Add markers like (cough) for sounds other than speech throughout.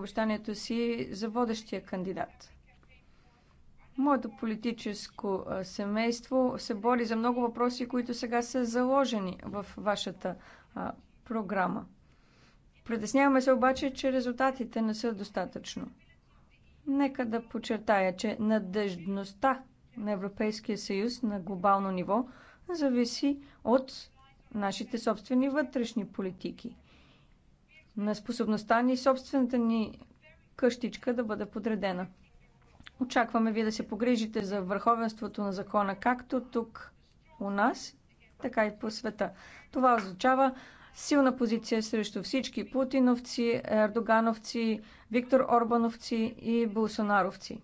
обещанието си за водещия кандидат. Моето политическо семейство се бори за много въпроси, които сега са заложени в вашата а, програма. Притесняваме се обаче, че резултатите не са достатъчно. Нека да подчертая, че надеждността на Европейския съюз на глобално ниво зависи от нашите собствени вътрешни политики на способността ни собствената ни къщичка да бъде подредена. Очакваме ви да се погрижите за върховенството на закона, както тук у нас, така и по света. Това означава силна позиция срещу всички путиновци, ердогановци, Виктор Орбановци и Болсонаровци.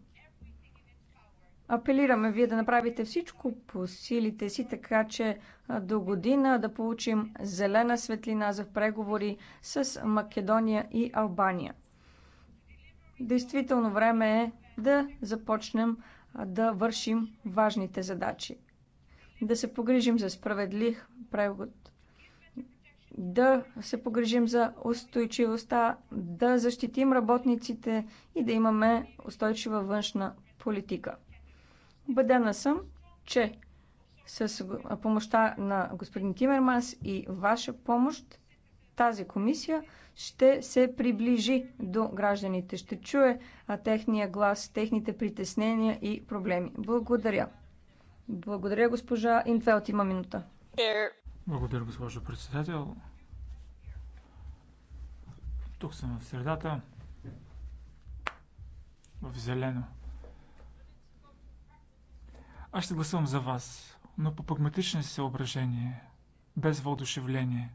Апелираме вие да направите всичко по силите си, така че до година да получим зелена светлина за преговори с Македония и Албания. Действително време е да започнем да вършим важните задачи. Да се погрижим за справедлив превод. Да се погрижим за устойчивостта, да защитим работниците и да имаме устойчива външна политика. Убедена съм, че с помощта на господин Тимерманс и ваша помощ тази комисия ще се приближи до гражданите, ще чуе техния глас, техните притеснения и проблеми. Благодаря. Благодаря, госпожа Инфелт. Има минута. Благодаря, госпожо председател. Тук съм в средата. В зелено. Аз ще гласувам за вас, но по прагматични съображения, без въодушевление.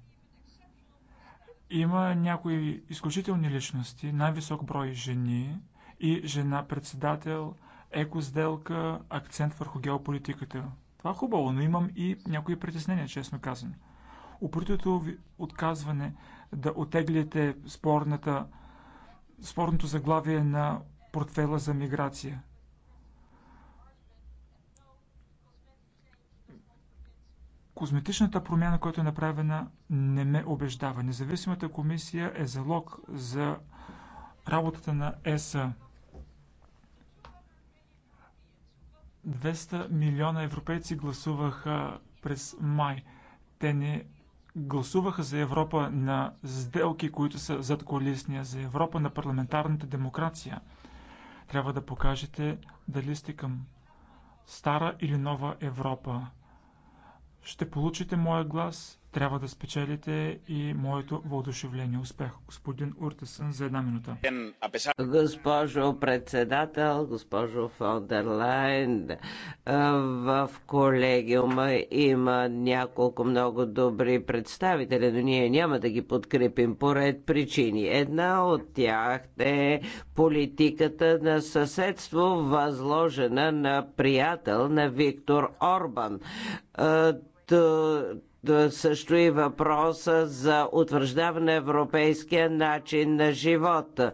Има някои изключителни личности, най-висок брой жени и жена-председател, еко-сделка, акцент върху геополитиката. Това е хубаво, но имам и някои притеснения, честно казано. Упоритото ви отказване да отеглите спорната, спорното заглавие на портфела за миграция. Козметичната промяна, която е направена, не ме убеждава. Независимата комисия е залог за работата на ЕСА. 200 милиона европейци гласуваха през май. Те не гласуваха за Европа на сделки, които са зад коалисния, за Европа на парламентарната демокрация. Трябва да покажете дали сте към стара или нова Европа ще получите моя глас трябва да спечелите и моето въодушевление. Успех, господин Уртесън, за една минута. Госпожо председател, госпожо Фондерлайн, в колегиума има няколко много добри представители, но ние няма да ги подкрепим поред причини. Една от тях е политиката на съседство, възложена на приятел на Виктор Орбан също и въпроса за утвърждаване на европейския начин на живота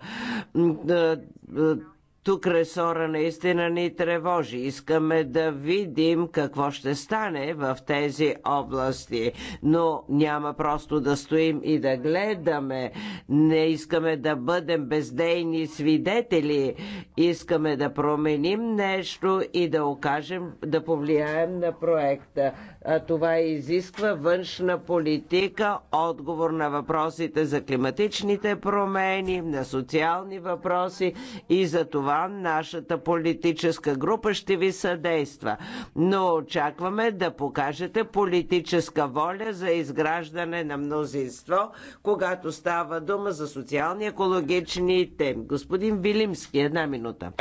тук ресора наистина ни тревожи. Искаме да видим какво ще стане в тези области, но няма просто да стоим и да гледаме. Не искаме да бъдем бездейни свидетели. Искаме да променим нещо и да окажем, да повлияем на проекта. А това изисква външна политика, отговор на въпросите за климатичните промени, на социални въпроси и за това нашата политическа група ще ви съдейства. Но очакваме да покажете политическа воля за изграждане на мнозинство, когато става дума за социални екологични теми. Господин Вилимски, една минута.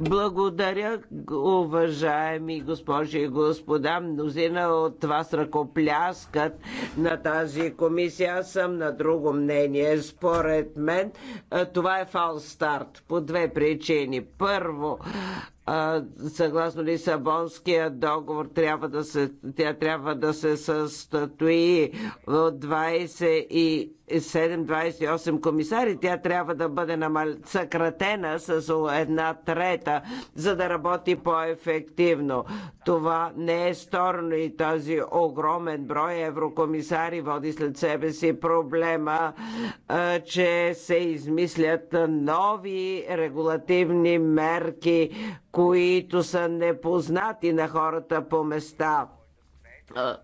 Благодаря, уважаеми госпожи и господа. Мнозина от вас ръкопляскат на тази комисия. Аз съм на друго мнение. Според мен това е фал старт по две причини причини. Първо, съгласно Лисабонския договор трябва да се, тя трябва да се състои от 27-28 комисари. Тя трябва да бъде намал... съкратена с една трета, за да работи по-ефективно. Това не е сторно и този огромен брой еврокомисари води след себе си проблема, че се измислят нови регулативни мерки, които са непознати на хората по места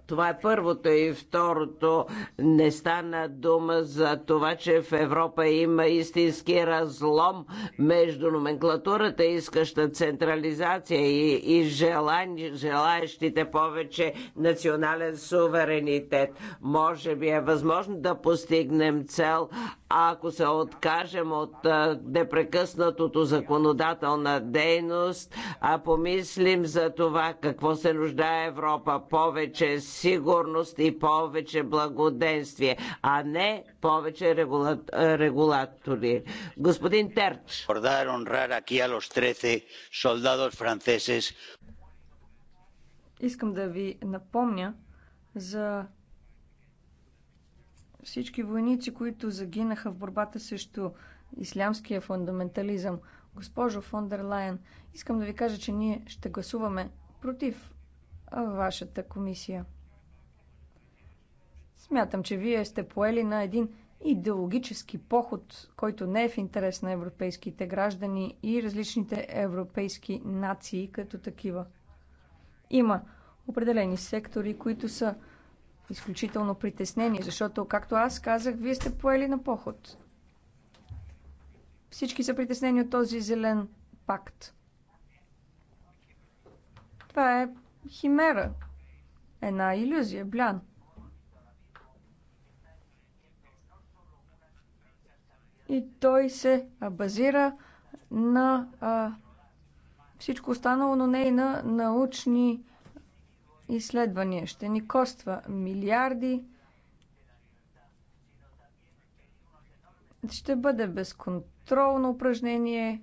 това е първото и второто. Не стана дума за това, че в Европа има истински разлом между номенклатурата, искаща централизация и, и желани, желаещите повече национален суверенитет. Може би е възможно да постигнем цел, ако се откажем от непрекъснатото законодателна дейност, а помислим за това какво се нуждае Европа повече повече сигурност и повече благоденствие, а не повече регула... регулатори. Господин Терч. Искам да ви напомня за всички войници, които загинаха в борбата срещу ислямския фундаментализъм. Госпожо фон дер Лайен, искам да ви кажа, че ние ще гласуваме против вашата комисия. Смятам, че вие сте поели на един идеологически поход, който не е в интерес на европейските граждани и различните европейски нации като такива. Има определени сектори, които са изключително притеснени, защото, както аз казах, вие сте поели на поход. Всички са притеснени от този зелен пакт. Това е химера, една иллюзия, блян. И той се базира на а, всичко останало, но не и на научни изследвания. Ще ни коства милиарди. Ще бъде безконтролно упражнение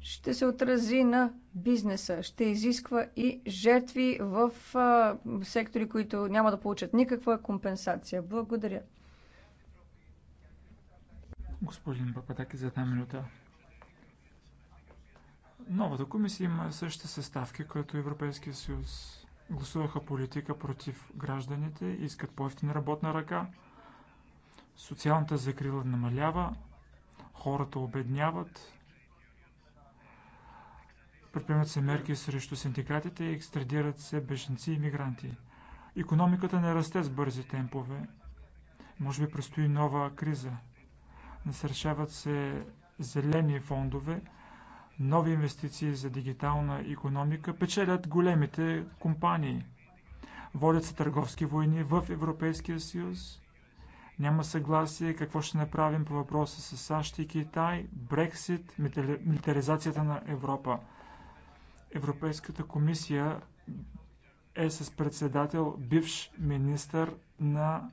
ще се отрази на бизнеса, ще изисква и жертви в а, сектори, които няма да получат никаква компенсация. Благодаря. Господин Папатаки, за една минута. Новата комисия има същите съставки, като Европейския съюз. Гласуваха политика против гражданите, искат по-ефтина работна ръка, социалната закрила намалява, хората обедняват, Предприемат се мерки срещу синдикатите и екстрадират се бежанци и мигранти. Икономиката не расте с бързи темпове. Може би предстои нова криза. Насърчават се зелени фондове, нови инвестиции за дигитална икономика, печелят големите компании. Водят се търговски войни в Европейския съюз. Няма съгласие какво ще направим по въпроса с САЩ и Китай, Брексит, милитаризацията на Европа – Европейската комисия е с председател бивш министър на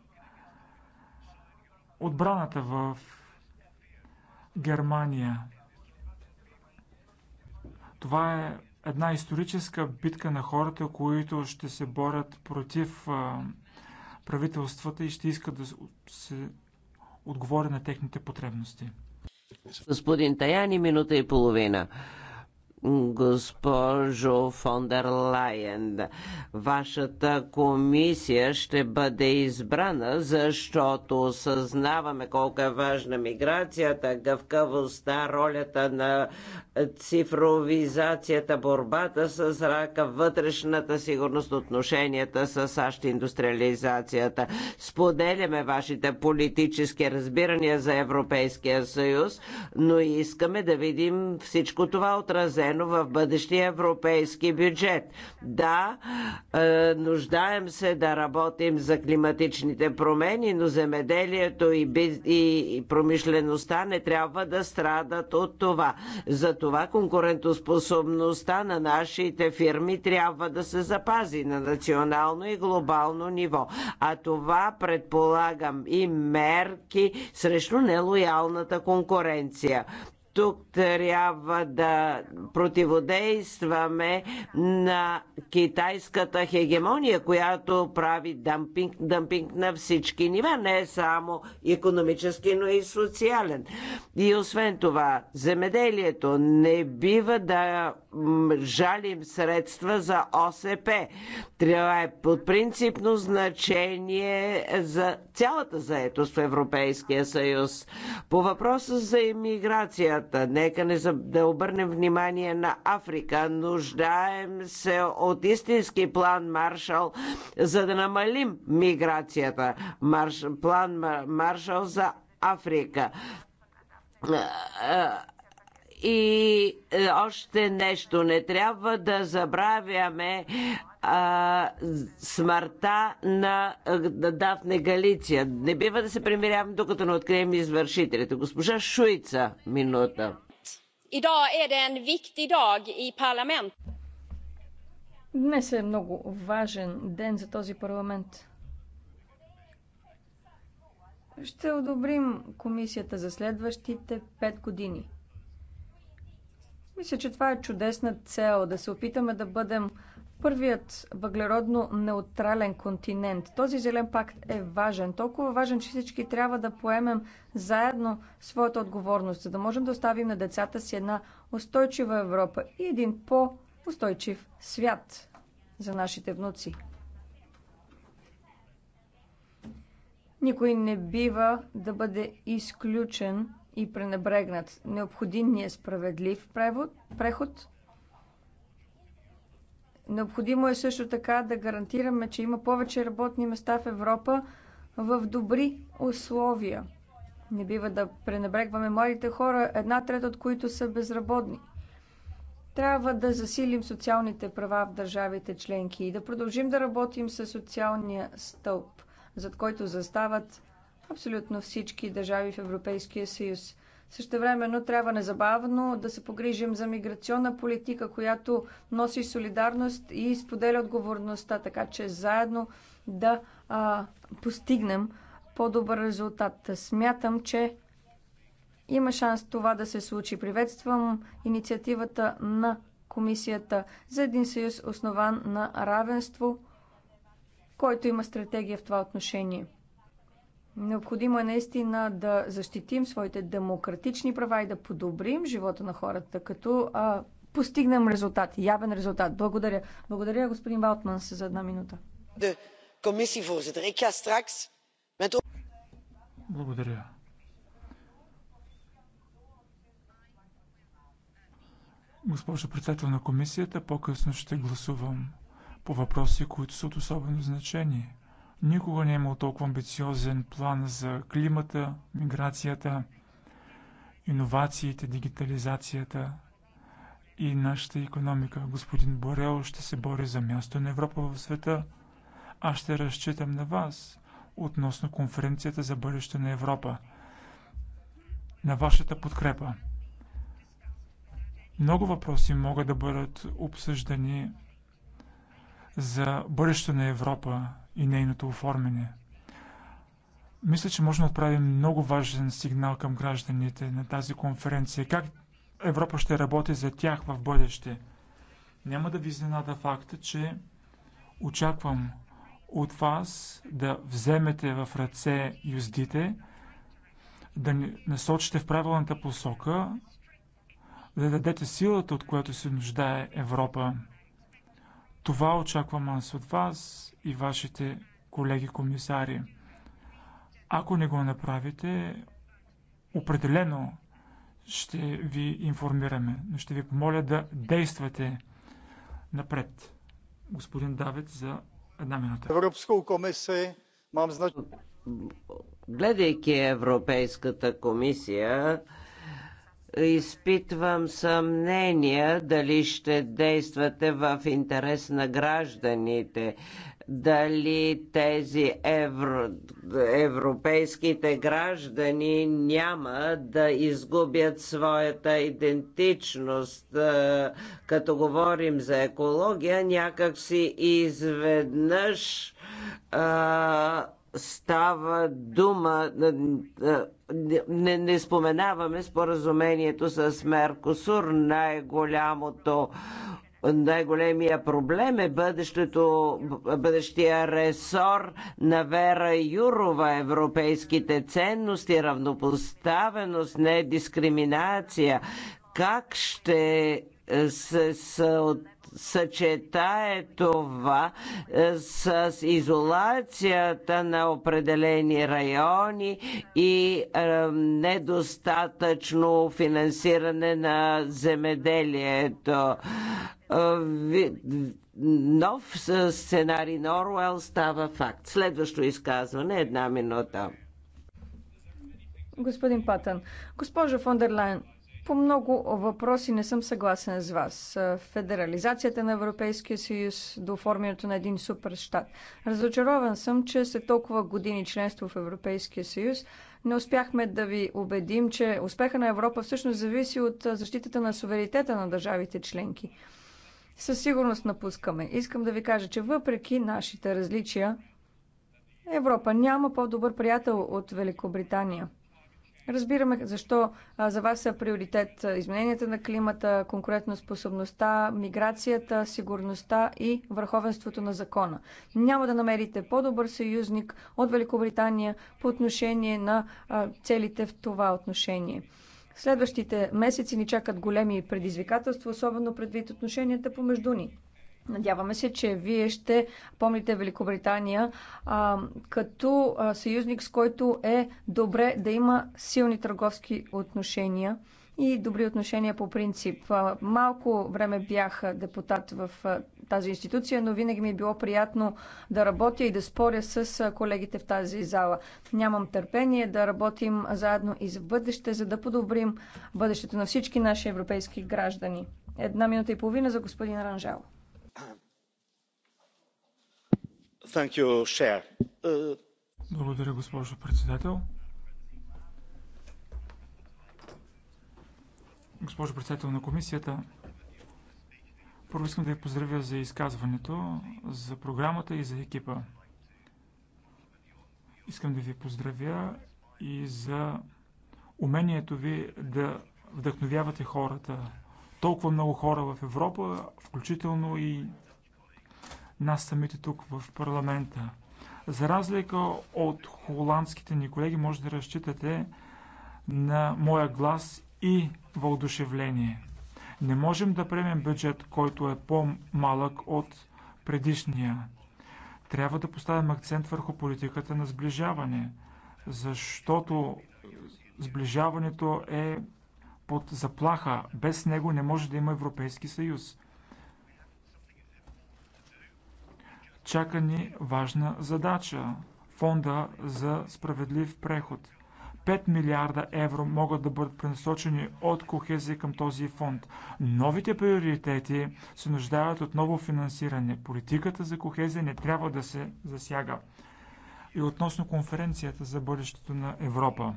отбраната в Германия. Това е една историческа битка на хората, които ще се борят против правителствата и ще искат да се отговори на техните потребности. Господин Таяни, минута и половина госпожо дер Лайен. Вашата комисия ще бъде избрана, защото осъзнаваме колко е важна миграцията, гъвкавостта, ролята на цифровизацията, борбата с рака, вътрешната сигурност, отношенията с САЩ, индустриализацията. Споделяме вашите политически разбирания за Европейския съюз, но искаме да видим всичко това отразено отразено в бъдещия европейски бюджет. Да, е, нуждаем се да работим за климатичните промени, но земеделието и, биз... и промишлеността не трябва да страдат от това. Затова конкурентоспособността на нашите фирми трябва да се запази на национално и глобално ниво. А това предполагам и мерки срещу нелоялната конкуренция тук трябва да противодействаме на китайската хегемония, която прави дъмпинг, дъмпинг на всички нива, не само економически, но и социален. И освен това, земеделието не бива да жалим средства за ОСП. Трябва е от принципно значение за цялата заетост в Европейския съюз. По въпроса за иммиграцията, нека не да обърнем внимание на Африка. Нуждаем се от истински план Маршал, за да намалим миграцията. Марш, план Маршал за Африка и е, още нещо, не трябва да забравяме а, смъртта на е, Дафне Галиция. Не бива да се примиряваме, докато не открием извършителите. Госпожа Шуица, минута. Днес е много важен ден за този парламент. Ще одобрим комисията за следващите 5 години. Мисля, че това е чудесна цел да се опитаме да бъдем първият въглеродно неутрален континент. Този зелен пакт е важен. Толкова важен, че всички трябва да поемем заедно своята отговорност, за да можем да оставим на децата си една устойчива Европа и един по-устойчив свят за нашите внуци. Никой не бива да бъде изключен и пренебрегнат. Необходим ни е справедлив превод, преход. Необходимо е също така да гарантираме, че има повече работни места в Европа в добри условия. Не бива да пренебрегваме младите хора, една трета от които са безработни. Трябва да засилим социалните права в държавите членки и да продължим да работим със социалния стълб, зад който застават абсолютно всички държави в Европейския съюз. Същевременно трябва незабавно да се погрижим за миграционна политика, която носи солидарност и споделя отговорността, така че заедно да а, постигнем по-добър резултат. Смятам, че има шанс това да се случи. Приветствам инициативата на Комисията за един съюз, основан на равенство, който има стратегия в това отношение. Необходимо е наистина да защитим своите демократични права и да подобрим живота на хората, като а, постигнем резултат, явен резултат. Благодаря. Благодаря, господин Балтман, за една минута. Благодаря. Госпожо председател на комисията, по-късно ще гласувам по въпроси, които са от особено значение Никога не е имал толкова амбициозен план за климата, миграцията, иновациите, дигитализацията и нашата економика. Господин Борел ще се бори за място на Европа в света. Аз ще разчитам на вас относно конференцията за бъдеще на Европа. На вашата подкрепа. Много въпроси могат да бъдат обсъждани за бъдещето на Европа, и нейното оформяне. Мисля, че можем да отправим много важен сигнал към гражданите на тази конференция. Как Европа ще работи за тях в бъдеще? Няма да ви изненада факта, че очаквам от вас да вземете в ръце юздите, да ни насочите в правилната посока, да дадете силата, от която се нуждае Европа. Това очаквам аз от вас и вашите колеги комисари. Ако не го направите, определено ще ви информираме, но ще ви помоля да действате напред. Господин Давид за една минута. Европска комисия мам значи... Гледайки Европейската комисия, изпитвам съмнения дали ще действате в интерес на гражданите, дали тези евро, европейските граждани няма да изгубят своята идентичност. Е, като говорим за екология, някакси изведнъж а, е, става дума, не, не споменаваме споразумението с Меркосур, най-голямото най-големия проблем е бъдещето, бъдещия ресор на Вера Юрова, европейските ценности, равнопоставеност, не дискриминация. Как ще е, се, се съчетае това е, с изолацията на определени райони и е, недостатъчно финансиране на земеделието е, нов сценарий на Оруел става факт. Следващо изказване, една минута. Господин Патън, госпожо Фондерлайн, по много въпроси не съм съгласен с вас. Е, федерализацията на Европейския съюз до оформянето на един суперщат. Разочарован съм, че след толкова години членство в Европейския съюз не успяхме да ви убедим, че успеха на Европа всъщност зависи от е, защитата на суверенитета на държавите членки. Със сигурност напускаме. Искам да ви кажа, че въпреки нашите различия, Европа няма по-добър приятел от Великобритания – Разбираме защо за вас са приоритет измененията на климата, конкурентоспособността, миграцията, сигурността и върховенството на закона. Няма да намерите по-добър съюзник от Великобритания по отношение на целите в това отношение. Следващите месеци ни чакат големи предизвикателства, особено предвид отношенията помежду ни. Надяваме се, че вие ще помните Великобритания а, като а, съюзник, с който е добре да има силни търговски отношения и добри отношения по принцип. Малко време бях депутат в тази институция, но винаги ми е било приятно да работя и да споря с колегите в тази зала. Нямам търпение да работим заедно и за бъдеще, за да подобрим бъдещето на всички наши европейски граждани. Една минута и половина за господин Ранжало. Uh, Благодаря, госпожо председател. Госпожо председател на комисията, първо искам да ви поздравя за изказването, за програмата и за екипа. Искам да ви поздравя и за умението ви да вдъхновявате хората. Толкова много хора в Европа, включително и нас самите тук в парламента. За разлика от холандските ни колеги, може да разчитате на моя глас и въодушевление. Не можем да приемем бюджет, който е по-малък от предишния. Трябва да поставим акцент върху политиката на сближаване, защото сближаването е под заплаха. Без него не може да има Европейски съюз. Чака ни важна задача – Фонда за справедлив преход. 5 милиарда евро могат да бъдат пренасочени от кохезия към този фонд. Новите приоритети се нуждаят от ново финансиране. Политиката за кохезия не трябва да се засяга. И относно конференцията за бъдещето на Европа.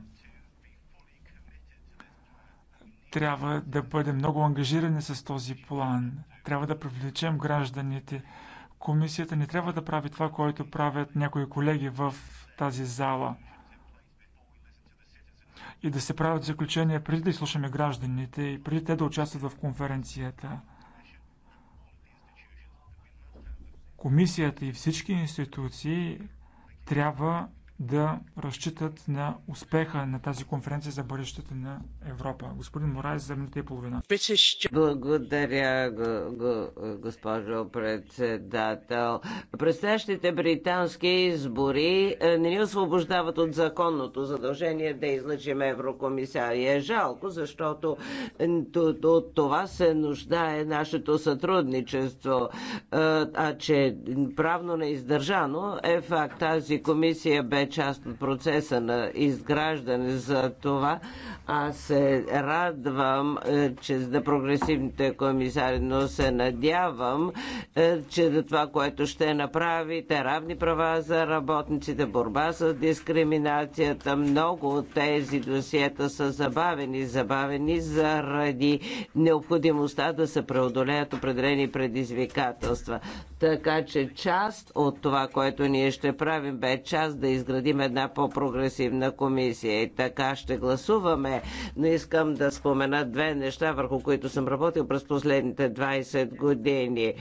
Трябва да бъдем много ангажирани с този план. Трябва да привлечем гражданите Комисията не трябва да прави това, което правят някои колеги в тази зала и да се правят заключения преди да изслушаме гражданите и преди те да участват в конференцията. Комисията и всички институции трябва да разчитат на успеха на тази конференция за бъдещето на Европа. Господин Морай, за минута и половина. Благодаря, госпожо председател. Предстоящите британски избори е, не ни освобождават от законното задължение да излъчим еврокомисар. И е жалко, защото е, от това се нуждае нашето сътрудничество. Е, а че правно неиздържано е факт. Тази комисия бе част от процеса на изграждане. За това аз се радвам, е, че за прогресивните комисари, но се надявам, е, че за това, което ще направите, равни права за работниците, борба с дискриминацията, много от тези досиета са забавени, забавени заради необходимостта да се преодолеят определени предизвикателства. Така че част от това, което ние ще правим, бе част да изградим една по-прогресивна комисия. И така ще гласуваме. Но искам да спомена две неща, върху които съм работил през последните 20 години.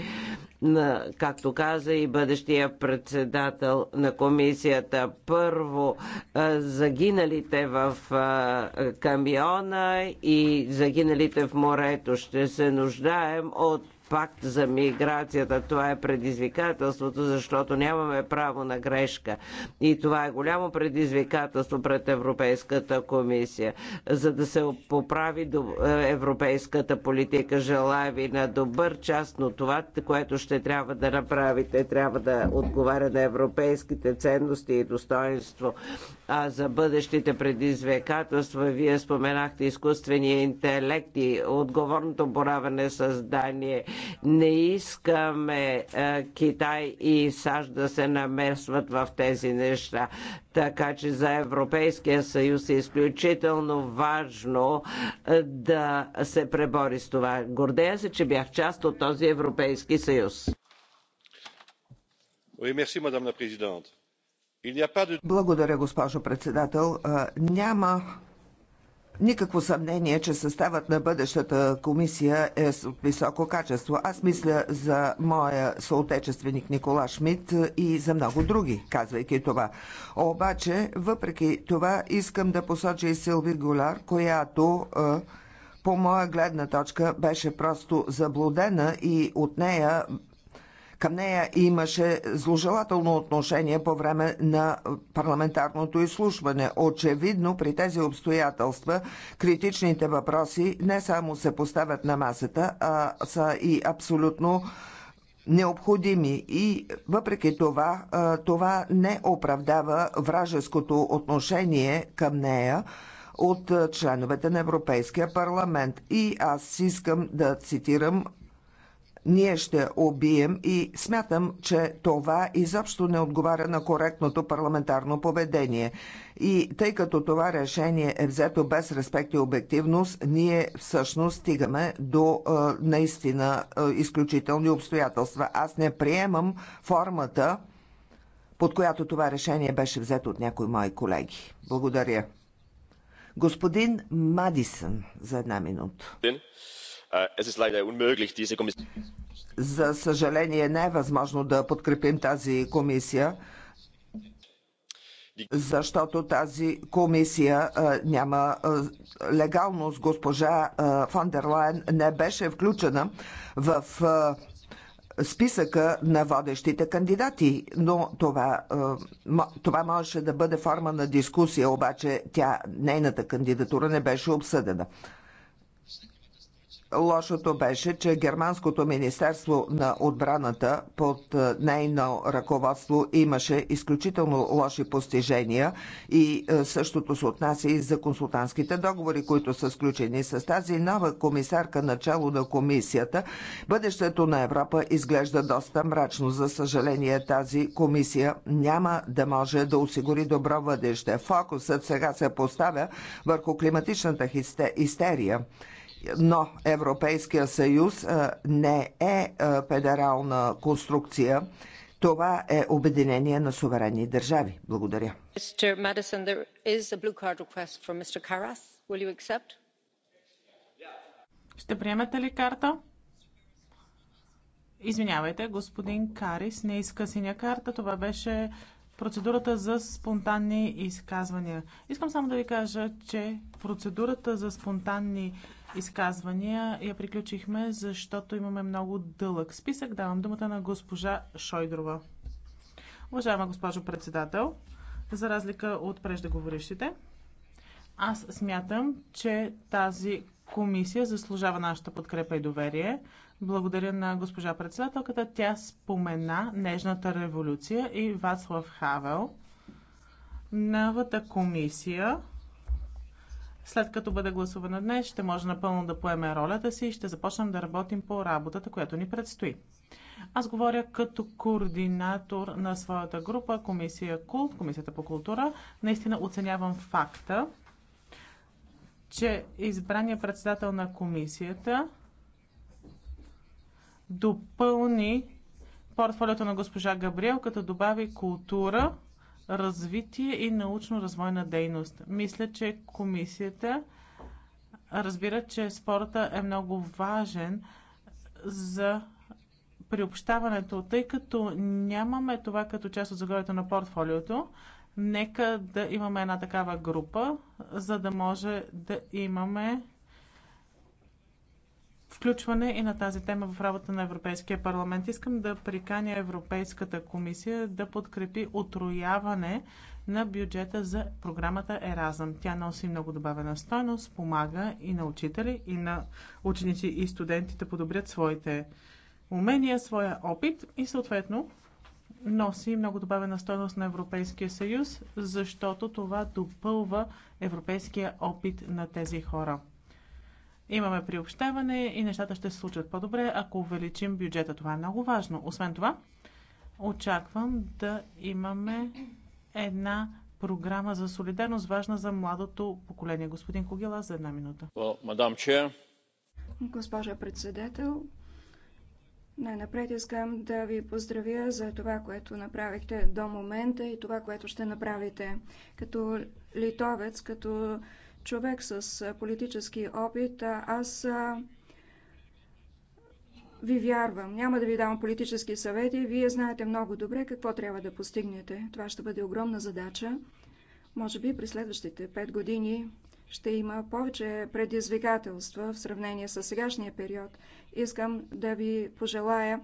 На, както каза и бъдещия председател на комисията. Първо, загиналите в камиона и загиналите в морето. Ще се нуждаем от пакт за миграцията. Това е предизвикателството, защото нямаме право на грешка. И това е голямо предизвикателство пред Европейската комисия, за да се поправи е, европейската политика. Желая ви на добър част, но това, което ще трябва да направите, трябва да отговаря на европейските ценности и достоинство. А за бъдещите предизвикателства, вие споменахте изкуствения интелект и отговорното боравене с Дания. Не искаме е, Китай и САЩ да се намесват в тези неща. Така че за Европейския съюз е изключително важно е, да се пребори с това. Гордея се, че бях част от този Европейски съюз. Oui, merci, madame la présidente. Благодаря, госпожо председател. Няма Никакво съмнение, че съставът на бъдещата комисия е с високо качество. Аз мисля за моя съотечественик Никола Шмидт и за много други, казвайки това. Обаче, въпреки това, искам да посоча и Силви Голяр, която по моя гледна точка беше просто заблудена и от нея към нея имаше зложелателно отношение по време на парламентарното изслушване. Очевидно, при тези обстоятелства критичните въпроси не само се поставят на масата, а са и абсолютно необходими и въпреки това, това не оправдава вражеското отношение към нея от членовете на Европейския парламент. И аз искам да цитирам ние ще убием и смятам, че това изобщо не отговаря на коректното парламентарно поведение. И тъй като това решение е взето без респект и обективност, ние всъщност стигаме до наистина изключителни обстоятелства. Аз не приемам формата, под която това решение беше взето от някои мои колеги. Благодаря. Господин Мадисън за една минута. Е, е За съжаление не е възможно да подкрепим тази комисия защото тази комисия е, няма легалност. Госпожа фон дер Лайен не беше включена в списъка на водещите кандидати, но това, това можеше да бъде форма на дискусия, обаче тя, нейната кандидатура не беше обсъдена. Лошото беше, че Германското министерство на отбраната под е, нейно ръководство имаше изключително лоши постижения и е, същото се отнася и за консултантските договори, които са сключени с тази нова комисарка начало на комисията. Бъдещето на Европа изглежда доста мрачно. За съжаление тази комисия няма да може да осигури добро бъдеще. Фокусът сега се поставя върху климатичната истерия но Европейския съюз не е федерална конструкция. Това е обединение на суверенни държави. Благодаря. Ще приемете ли карта? Извинявайте, господин Карис не иска синя карта. Това беше процедурата за спонтанни изказвания. Искам само да ви кажа, че процедурата за спонтанни изказвания изказвания я приключихме, защото имаме много дълъг списък. Давам думата на госпожа Шойдрова. Уважаема госпожо председател, за разлика от преждеговорящите, аз смятам, че тази комисия заслужава нашата подкрепа и доверие. Благодаря на госпожа председателката. Тя спомена Нежната революция и Вацлав Хавел. Новата комисия след като бъде гласувана днес, ще може напълно да поеме ролята си и ще започнем да работим по работата, която ни предстои. Аз говоря като координатор на своята група, комисия Култ, комисията по култура. Наистина оценявам факта, че избрания председател на комисията допълни портфолиото на госпожа Габриел, като добави култура развитие и научно-развойна дейност. Мисля, че комисията разбира, че спорта е много важен за приобщаването, тъй като нямаме това като част от заглавието на портфолиото. Нека да имаме една такава група, за да може да имаме включване и на тази тема в работата на Европейския парламент. Искам да приканя Европейската комисия да подкрепи отрояване на бюджета за програмата Еразъм. Тя носи много добавена стойност, помага и на учители, и на ученици и студенти да подобрят своите умения, своя опит и съответно носи много добавена стойност на Европейския съюз, защото това допълва европейския опит на тези хора имаме приобщаване и нещата ще се случат по-добре, ако увеличим бюджета. Това е много важно. Освен това, очаквам да имаме една програма за солидарност, важна за младото поколение. Господин Когила, за една минута. Мадам Че. Госпожа председател, най-напред искам да ви поздравя за това, което направихте до момента и това, което ще направите. Като литовец, като човек с политически опит, аз ви вярвам. Няма да ви давам политически съвети. Вие знаете много добре какво трябва да постигнете. Това ще бъде огромна задача. Може би при следващите пет години ще има повече предизвикателства в сравнение с сегашния период. Искам да ви пожелая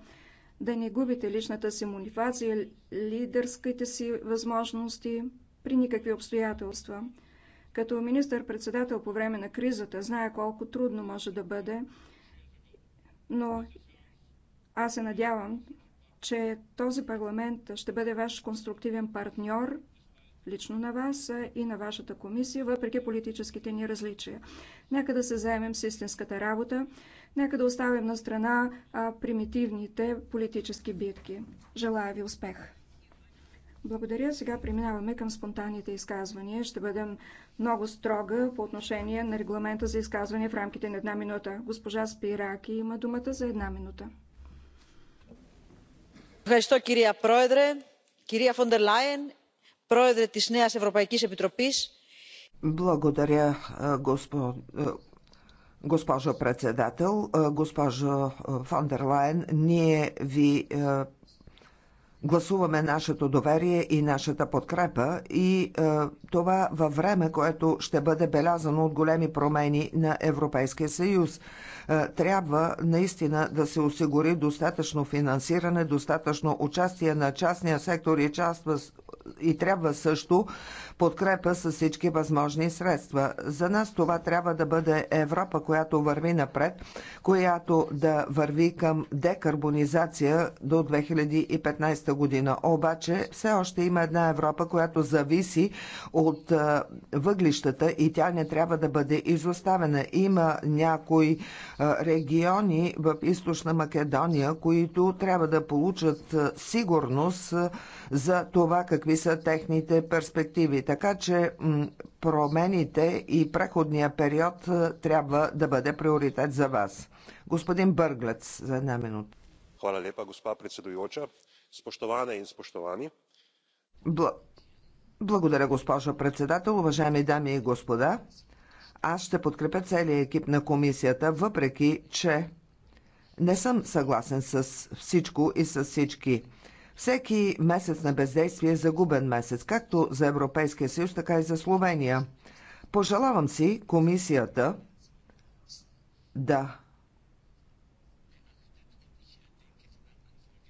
да не губите личната си мотивация, лидерските си възможности при никакви обстоятелства. Като министър-председател по време на кризата зная колко трудно може да бъде, но аз се надявам, че този парламент ще бъде ваш конструктивен партньор лично на вас и на вашата комисия, въпреки политическите ни различия. Нека да се заемем с истинската работа, нека да оставим на страна примитивните политически битки. Желая ви успех! Благодаря. Сега преминаваме към спонтанните изказвания. Ще бъдем много строга по отношение на регламента за изказване в рамките на една минута. Госпожа Спираки има думата за една минута. Ευχαριστώ κυρία Πρόεδρε, κυρία Φοντερ Λάιεν, Πρόεδρε της Νέας Ευρωπαϊκής Επιτροπής. Благодаря, госпожо председател. Госпожо Фондерлайн, ние ви гласуваме нашето доверие и нашата подкрепа и е, това във време, което ще бъде белязано от големи промени на Европейския съюз. Е, трябва наистина да се осигури достатъчно финансиране, достатъчно участие на частния сектор и част и трябва също подкрепа с всички възможни средства. За нас това трябва да бъде Европа, която върви напред, която да върви към декарбонизация до 2015 година. Обаче все още има една Европа, която зависи от въглищата и тя не трябва да бъде изоставена. Има някои региони в източна Македония, които трябва да получат сигурност за това какви са техните перспективи така че промените и преходния период е, трябва да бъде приоритет за вас. Господин Бърглец, за една минута. лепа, госпа председуюча. predsedujoča. и in Бл... Благодаря, госпожо председател. Уважаеми дами и господа, аз ще подкрепя целия екип на комисията, въпреки че не съм съгласен с всичко и с всички. Всеки месец на бездействие е загубен месец, както за Европейския съюз, така и за Словения. Пожелавам си комисията да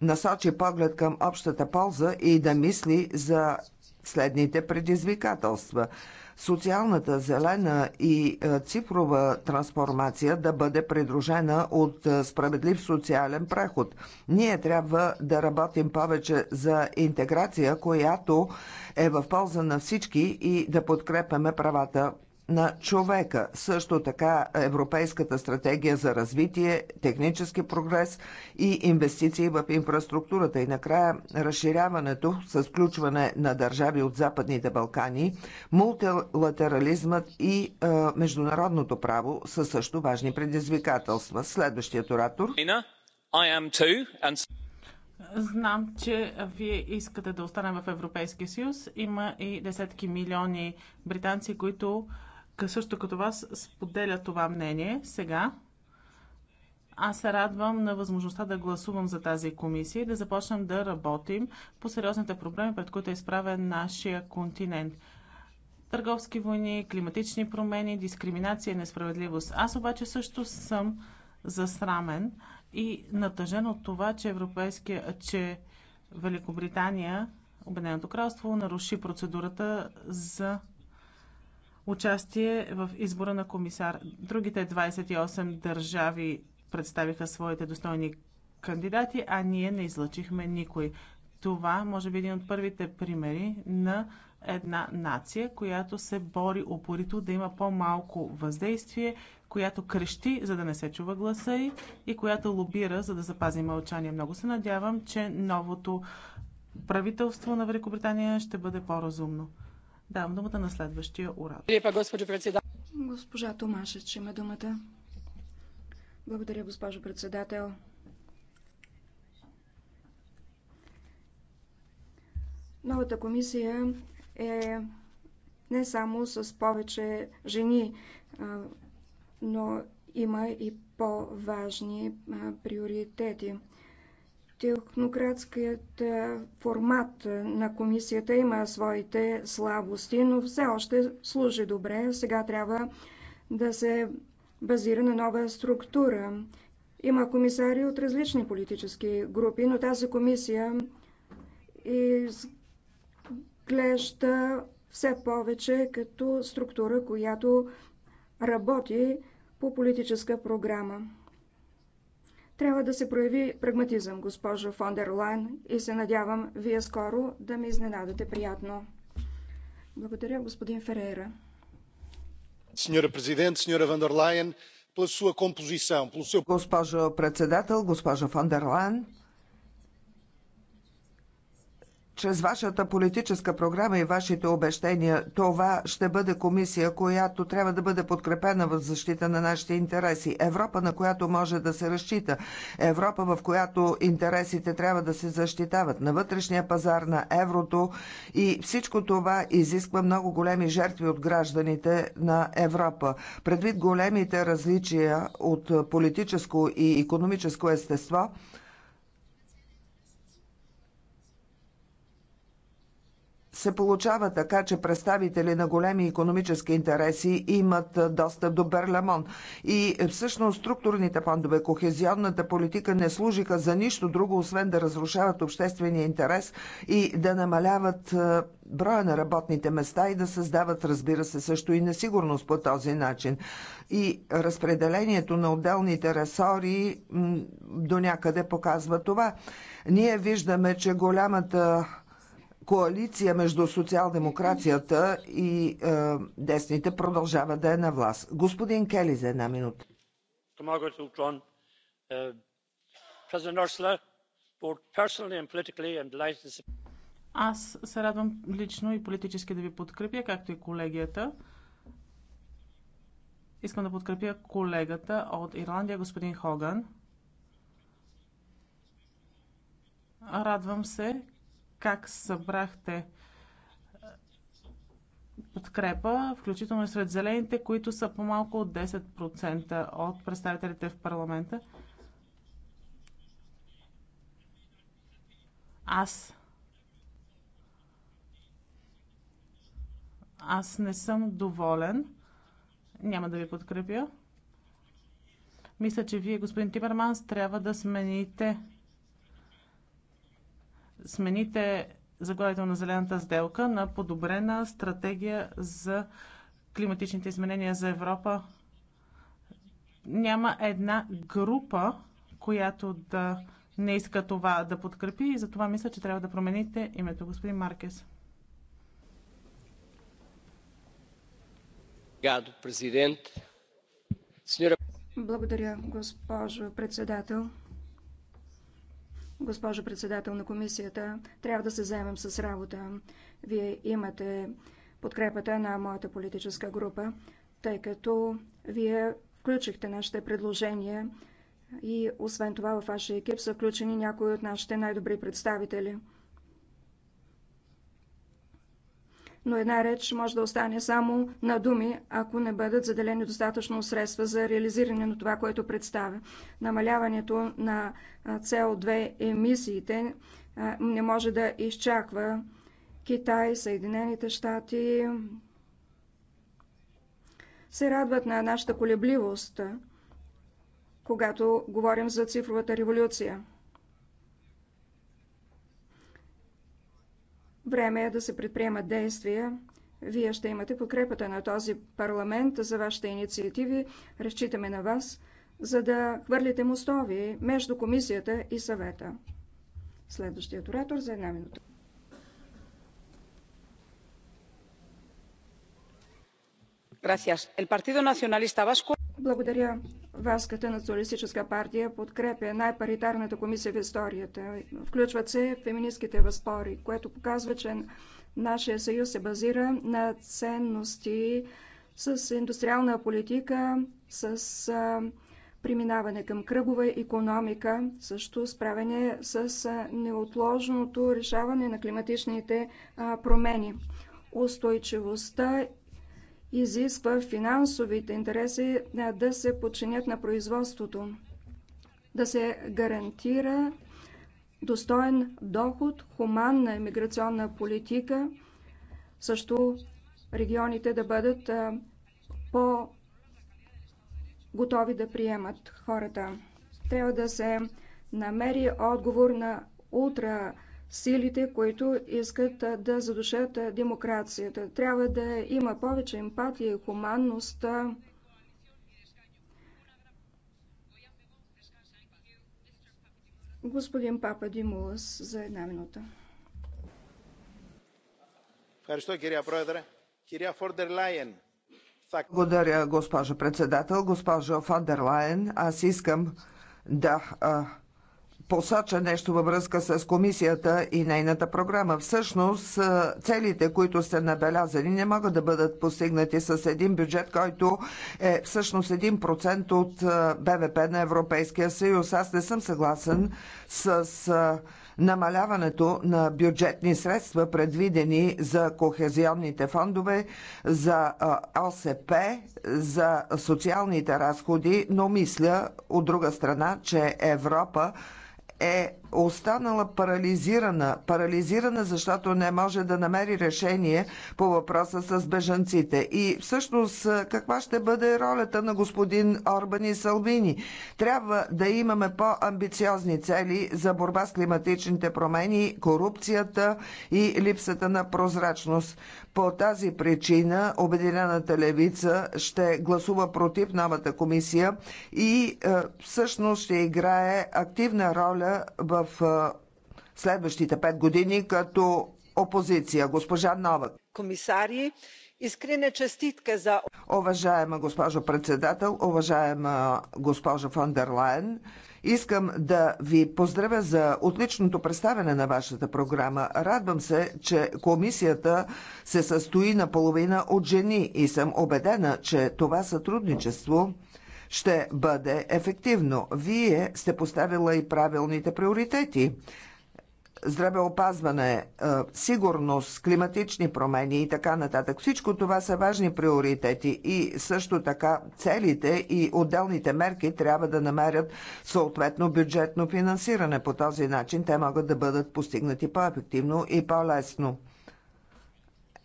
насочи поглед към общата полза и да мисли за следните предизвикателства – социалната, зелена и е, цифрова трансформация да бъде придружена от е, справедлив социален преход. Ние трябва да работим повече за интеграция, която е в полза на всички и да подкрепяме правата на човека, също така Европейската стратегия за развитие, технически прогрес и инвестиции в инфраструктурата и накрая разширяването с включване на държави от Западните Балкани, мултилатерализмът и е, международното право са също важни предизвикателства. Следващият оратор. Знам, че вие искате да останем в Европейския съюз. Има и десетки милиони британци, които също като вас споделя това мнение. Сега аз се радвам на възможността да гласувам за тази комисия и да започнем да работим по сериозните проблеми, пред които е изправен нашия континент. Търговски войни, климатични промени, дискриминация и несправедливост. Аз обаче също съм засрамен и натъжен от това, че, европейския, че Великобритания, Обединеното кралство, наруши процедурата за участие в избора на комисар. Другите 28 държави представиха своите достойни кандидати, а ние не излъчихме никой. Това може би един от първите примери на една нация, която се бори упорито да има по-малко въздействие, която крещи, за да не се чува гласа и, и която лобира, за да запази мълчание. Много се надявам, че новото правителство на Великобритания ще бъде по-разумно. Давам думата на следващия оратор. Госпожа Томашич има думата. Благодаря, госпожо председател. Новата комисия е не само с повече жени, но има и по-важни приоритети. Технократският е, формат на комисията има своите слабости, но все още служи добре. Сега трябва да се базира на нова структура. Има комисари от различни политически групи, но тази комисия изглежда все повече като структура, която работи по политическа програма. Трябва да се прояви прагматизъм, госпожо дер Лайн, и се надявам вие скоро да ме изненадате приятно. Благодаря, господин Ферейра. Сеньора президент, сеньора Вандер Лайен, госпожо председател, госпожо дер Лайн, чрез вашата политическа програма и вашите обещания, това ще бъде комисия, която трябва да бъде подкрепена в защита на нашите интереси. Европа, на която може да се разчита. Европа, в която интересите трябва да се защитават. На вътрешния пазар, на еврото и всичко това изисква много големи жертви от гражданите на Европа. Предвид големите различия от политическо и економическо естество, се получава така, че представители на големи економически интереси имат достъп до Берлемон. И е, всъщност структурните фондове, кохезионната политика не служиха за нищо друго, освен да разрушават обществения интерес и да намаляват броя на работните места и да създават, разбира се, също и несигурност по този начин. И разпределението на отделните ресори до някъде показва това. Ние виждаме, че голямата коалиция между социал-демокрацията и е, десните продължава да е на власт. Господин Кели за една минута. Аз се радвам лично и политически да ви подкрепя, както и колегията. Искам да подкрепя колегата от Ирландия, господин Хоган. Радвам се, как събрахте подкрепа, включително и сред зелените, които са по-малко от 10% от представителите в парламента. Аз аз не съм доволен. Няма да ви подкрепя. Мисля, че вие, господин Тиберманс, трябва да смените смените заглавието на зелената сделка на подобрена стратегия за климатичните изменения за Европа. Няма една група, която да не иска това да подкрепи и затова мисля, че трябва да промените името господин Маркес. Благодаря, госпожо председател. Госпожо председател на комисията, трябва да се заемем с работа. Вие имате подкрепата на моята политическа група, тъй като вие включихте нашите предложения и освен това във вашия екип са включени някои от нашите най-добри представители – но една реч може да остане само на думи, ако не бъдат заделени достатъчно средства за реализиране на това, което представя. Намаляването на CO2 емисиите не може да изчаква Китай, Съединените щати се радват на нашата колебливост, когато говорим за цифровата революция. Време е да се предприемат действия. Вие ще имате подкрепата на този парламент за вашите инициативи. Разчитаме на вас, за да хвърлите мостови между комисията и съвета. Следващият оратор за една минута. Благодаря. Васката националистическа партия подкрепя най-паритарната комисия в историята. Включват се феминистските възпори, което показва, че нашия съюз се базира на ценности с индустриална политика, с а, преминаване към кръгова економика, също справяне с а, неотложното решаване на климатичните а, промени. Устойчивостта изисква финансовите интереси да се подчинят на производството, да се гарантира достоен доход, хуманна иммиграционна политика, също регионите да бъдат по-готови да приемат хората. Трябва да се намери отговор на ултра силите, които искат да задушат демокрацията. Трябва да има повече емпатия и хуманност. Господин Папа Димулас за една минута. Благодаря, госпожо председател. Госпожо Фондерлайн, аз искам да а, посоча нещо във връзка с комисията и нейната програма. Всъщност, целите, които сте набелязали, не могат да бъдат постигнати с един бюджет, който е всъщност 1% от БВП на Европейския съюз. Аз не съм съгласен с намаляването на бюджетни средства, предвидени за кохезионните фондове, за ОСП, за социалните разходи, но мисля от друга страна, че Европа е останала парализирана. Парализирана, защото не може да намери решение по въпроса с бежанците. И всъщност каква ще бъде ролята на господин Орбан и Салвини? Трябва да имаме по-амбициозни цели за борба с климатичните промени, корупцията и липсата на прозрачност. По тази причина Обединената левица ще гласува против новата комисия и е, всъщност ще играе активна роля в е, следващите пет години като опозиция. Госпожа Новак. Комисари, искрена честитка за... Уважаема госпожо председател, уважаема госпожо фон дер Искам да ви поздравя за отличното представяне на вашата програма. Радвам се, че комисията се състои наполовина от жени и съм убедена, че това сътрудничество ще бъде ефективно. Вие сте поставила и правилните приоритети здравеопазване, сигурност, климатични промени и така нататък. Всичко това са важни приоритети и също така целите и отделните мерки трябва да намерят съответно бюджетно финансиране. По този начин те могат да бъдат постигнати по-ефективно и по-лесно.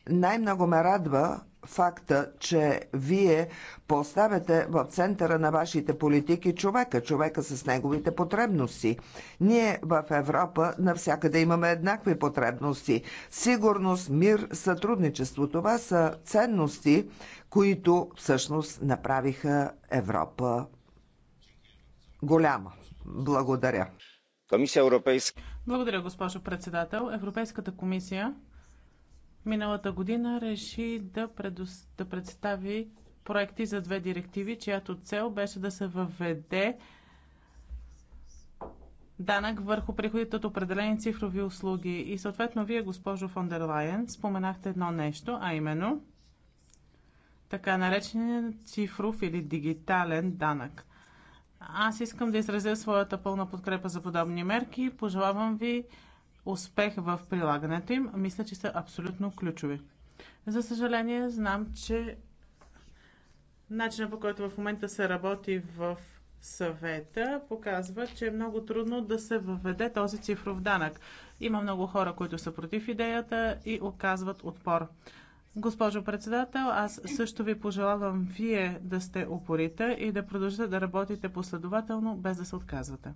Най-много ме радва, факта, че вие поставяте в центъра на вашите политики човека, човека с неговите потребности. Ние в Европа навсякъде имаме еднакви потребности. Сигурност, мир, сътрудничество – това са ценности, които всъщност направиха Европа голяма. Благодаря. Комисия Европейска. Благодаря, госпожо председател. Европейската комисия миналата година реши да, предос... да представи проекти за две директиви, чиято цел беше да се въведе данък върху приходите от определени цифрови услуги. И съответно вие, госпожо фон дер Лайен, споменахте едно нещо, а именно така наречения цифров или дигитален данък. Аз искам да изразя своята пълна подкрепа за подобни мерки. Пожелавам ви успех в прилагането им, мисля, че са абсолютно ключови. За съжаление, знам, че начинът по който в момента се работи в съвета показва, че е много трудно да се въведе този цифров данък. Има много хора, които са против идеята и оказват отпор. Госпожо председател, аз също ви пожелавам вие да сте упорите и да продължите да работите последователно, без да се отказвате.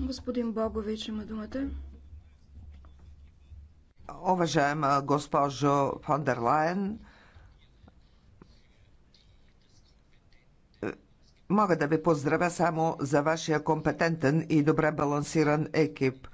Господин Богович има думата. Уважаема госпожо фон дер Лайен, мога да ви поздравя само за вашия компетентен и добре балансиран екип.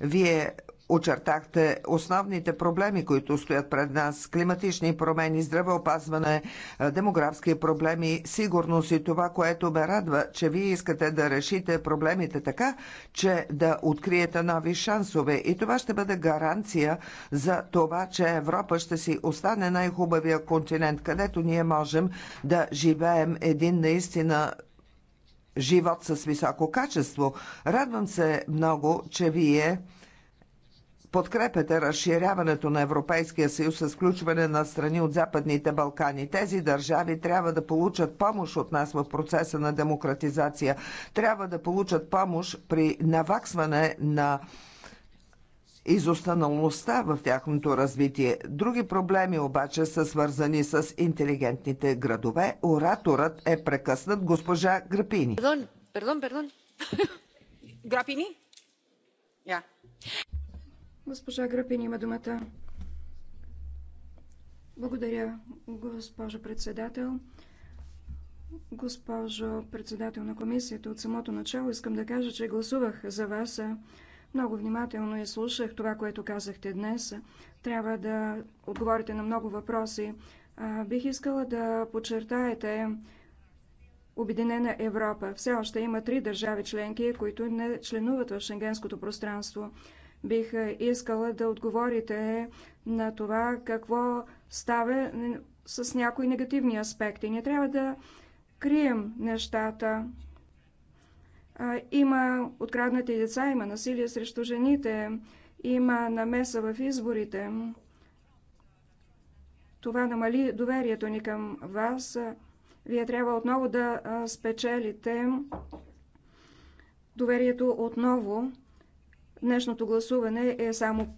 Вие очертахте основните проблеми, които стоят пред нас климатични промени, здравеопазване, демографски проблеми, сигурност и това, което ме радва, че вие искате да решите проблемите така, че да откриете нови шансове. И това ще бъде гаранция за това, че Европа ще си остане най-хубавия континент, където ние можем да живеем един наистина живот с високо качество. Радвам се много, че вие подкрепяте разширяването на Европейския съюз с включване на страни от Западните Балкани. Тези държави трябва да получат помощ от нас в процеса на демократизация. Трябва да получат помощ при наваксване на изостаналността в тяхното развитие. Други проблеми обаче са свързани с интелигентните градове. Ораторът е прекъснат госпожа Грапини. Пардон, пардон, пардон. (laughs) Грапини? Yeah. Госпожа Гръпин има думата. Благодаря, госпожо председател. Госпожо председател на комисията, от самото начало искам да кажа, че гласувах за вас. Много внимателно и слушах това, което казахте днес. Трябва да отговорите на много въпроси. Бих искала да подчертаете Обединена Европа. Все още има три държави членки, които не членуват в шенгенското пространство бих искала да отговорите на това какво става с някои негативни аспекти. Не трябва да крием нещата. Има откраднати деца, има насилие срещу жените, има намеса в изборите. Това намали доверието ни към вас. Вие трябва отново да спечелите доверието отново Днешното гласуване е само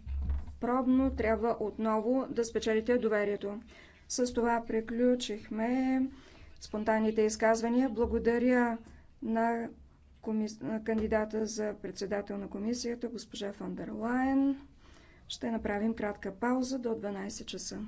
пробно. Трябва отново да спечелите доверието. С това приключихме спонтанните изказвания. Благодаря на, коми... на кандидата за председател на комисията, госпожа Фандерлайн. Ще направим кратка пауза до 12 часа.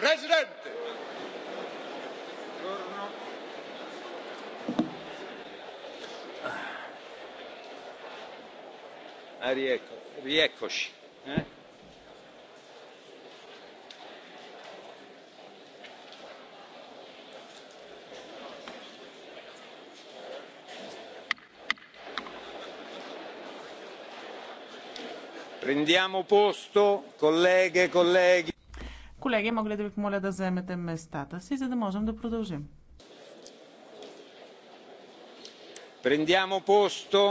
Presidente! Riecco, rieccoci. Eh? Prendiamo posto, colleghe e colleghi. Колеги, мога ли да ви помоля да заемете местата си, за да можем да продължим? Prendiamo posto.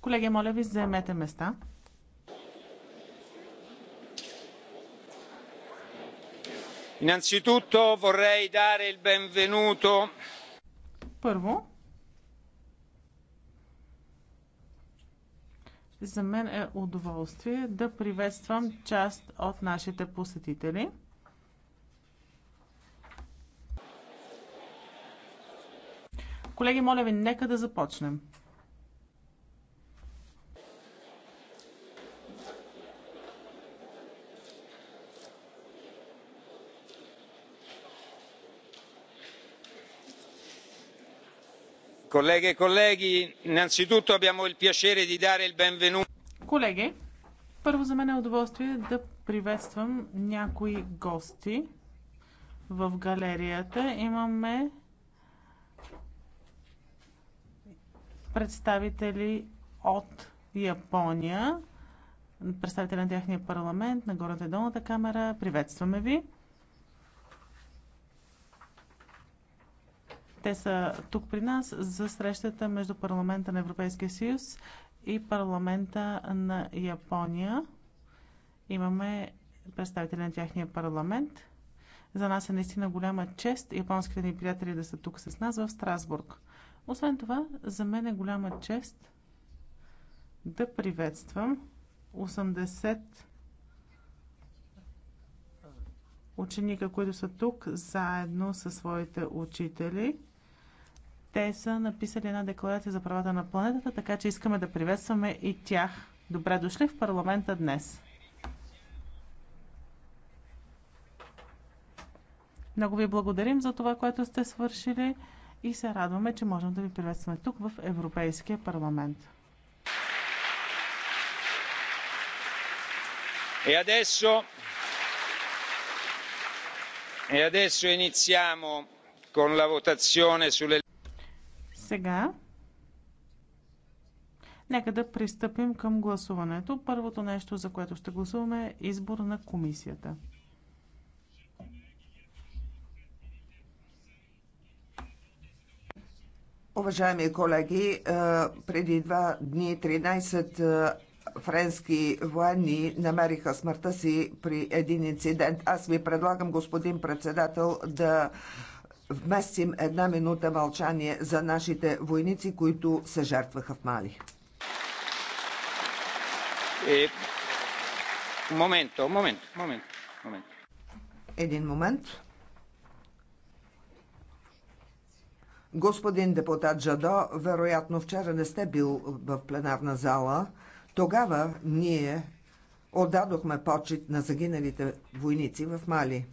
Колеги, моля ви, заемете места. Innanzitutto vorrei dare il benvenuto. Първо, За мен е удоволствие да приветствам част от нашите посетители. Колеги, моля ви, нека да започнем. Colleghe e colleghi, innanzitutto abbiamo il piacere di dare il benvenuto. Колеги, първо за мен е удоволствие да приветствам някои гости в галерията. Имаме представители от Япония, представители на тяхния парламент, на горната и долната камера. Приветстваме ви! Те са тук при нас за срещата между парламента на Европейския съюз и парламента на Япония. Имаме представители на тяхния парламент. За нас е наистина голяма чест японските ни приятели да са тук с нас в Страсбург. Освен това, за мен е голяма чест да приветствам 80 ученика, които са тук заедно със своите учители. Те са написали една декларация за правата на планетата, така че искаме да приветстваме и тях. Добре дошли в парламента днес. Много ви благодарим за това, което сте свършили и се радваме, че можем да ви приветстваме тук в Европейския парламент. И e adesso, e adesso iniziamo con la votazione sulle сега нека да пристъпим към гласуването. Първото нещо, за което ще гласуваме е избор на комисията. Уважаеми колеги, е, преди два дни 13 е, френски военни намериха смъртта си при един инцидент. Аз ви предлагам, господин председател, да вместим една минута мълчание за нашите войници, които се жертваха в Мали. Е, момент, момент, момент, момент. Един момент. Господин депутат Жадо, вероятно вчера не сте бил в пленарна зала. Тогава ние отдадохме почет на загиналите войници в Мали.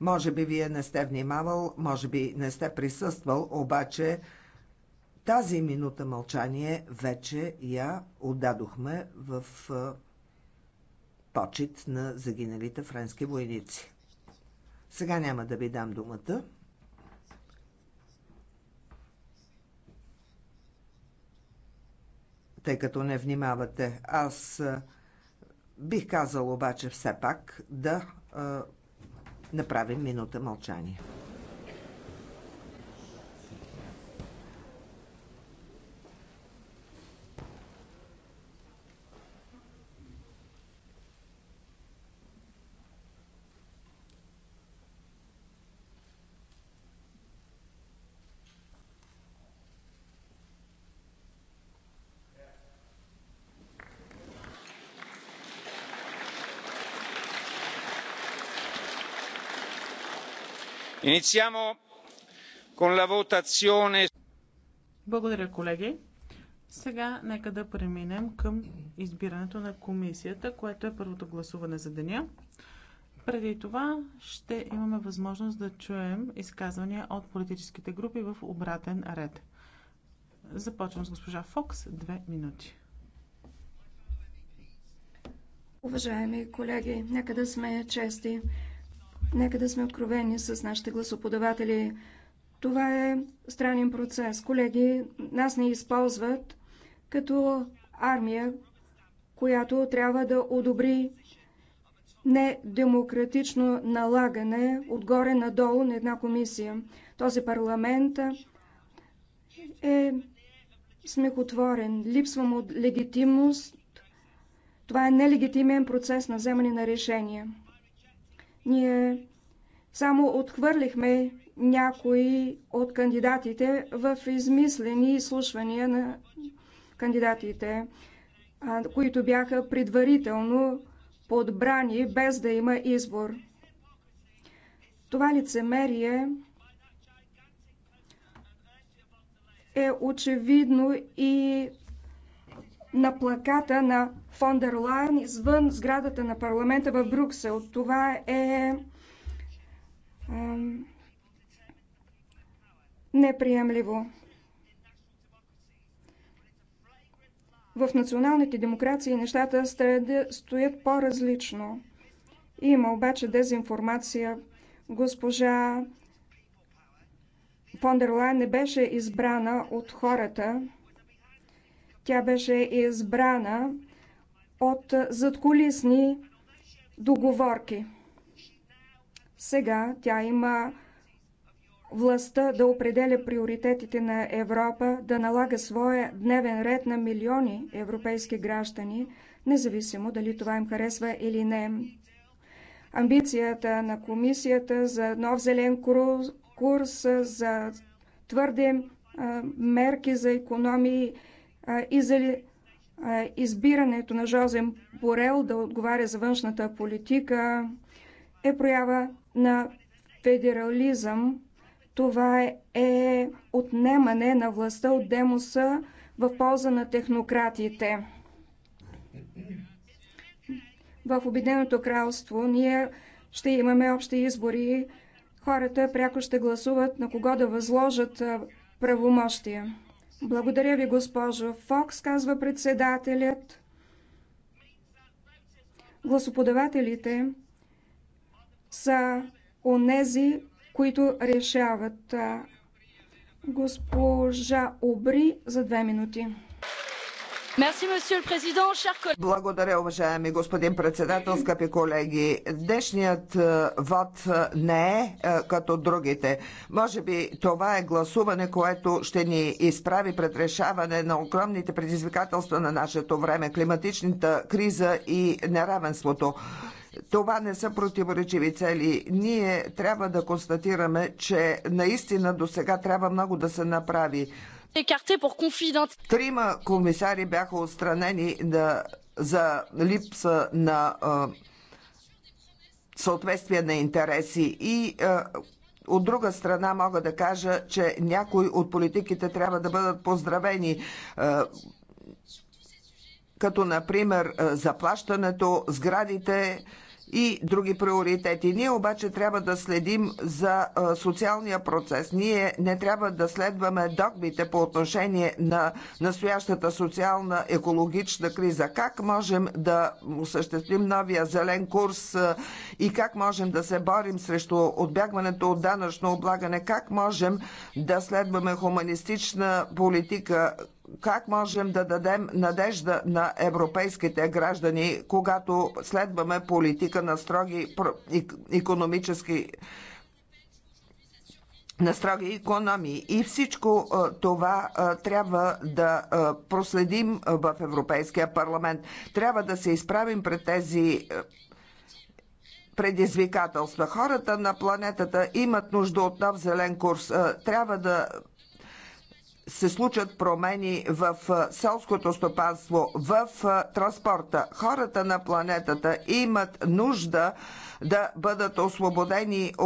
Може би вие не сте внимавал, може би не сте присъствал, обаче тази минута мълчание вече я отдадохме в почет на загиналите френски войници. Сега няма да ви дам думата. Тъй като не внимавате, аз бих казал обаче все пак да направим минута мълчание. Iniziamo con la votazione. Благодаря, колеги. Сега нека да преминем към избирането на комисията, което е първото гласуване за деня. Преди това ще имаме възможност да чуем изказвания от политическите групи в обратен ред. Започвам с госпожа Фокс. Две минути. Уважаеми колеги, нека да сме чести. Нека да сме откровени с нашите гласоподаватели. Това е странен процес. Колеги, нас не използват като армия, която трябва да одобри недемократично налагане отгоре надолу на една комисия. Този парламент е смехотворен, липсва му легитимност. Това е нелегитимен процес на вземане на решения. Ние само отхвърлихме някои от кандидатите в измислени изслушвания на кандидатите, които бяха предварително подбрани без да има избор. Това лицемерие е очевидно и на плаката на фон дер Лайн извън сградата на парламента в Брюксел. Това е а, неприемливо. В националните демокрации нещата стоят по-различно. Има обаче дезинформация. Госпожа фон Лайн не беше избрана от хората, тя беше избрана от задколисни договорки. Сега тя има властта да определя приоритетите на Европа, да налага своя дневен ред на милиони европейски граждани, независимо дали това им харесва или не. Амбицията на комисията за нов зелен курс, за твърде мерки за економии и за избирането на Жозен Борел да отговаря за външната политика е проява на федерализъм. Това е отнемане на властта от демоса в полза на технократите. В Обединеното кралство ние ще имаме общи избори. Хората пряко ще гласуват на кого да възложат правомощия. Благодаря ви, госпожо Фокс, казва председателят. Гласоподавателите са онези, които решават. Госпожа Обри за две минути. Благодаря, уважаеми господин председател, скъпи колеги. Днешният е, вод е, не е, е като другите. Може би това е гласуване, което ще ни изправи пред решаване на огромните предизвикателства на нашето време, климатичната криза и неравенството. Това не са противоречиви цели. Ние трябва да констатираме, че наистина до сега трябва много да се направи. Трима комисари бяха отстранени да, за липса на а, съответствие на интереси и а, от друга страна мога да кажа, че някои от политиките трябва да бъдат поздравени. А, като например заплащането, сградите, и други приоритети. Ние обаче трябва да следим за социалния процес. Ние не трябва да следваме догмите по отношение на настоящата социална екологична криза. Как можем да осъществим новия зелен курс и как можем да се борим срещу отбягването от данъчно облагане? Как можем да следваме хуманистична политика, как можем да дадем надежда на европейските граждани, когато следваме политика на строги економически на строги економии. И всичко това трябва да проследим в Европейския парламент. Трябва да се изправим пред тези предизвикателства. Хората на планетата имат нужда от нов зелен курс. Трябва да се случат промени в селското стопанство, в транспорта. Хората на планетата имат нужда да бъдат освободени от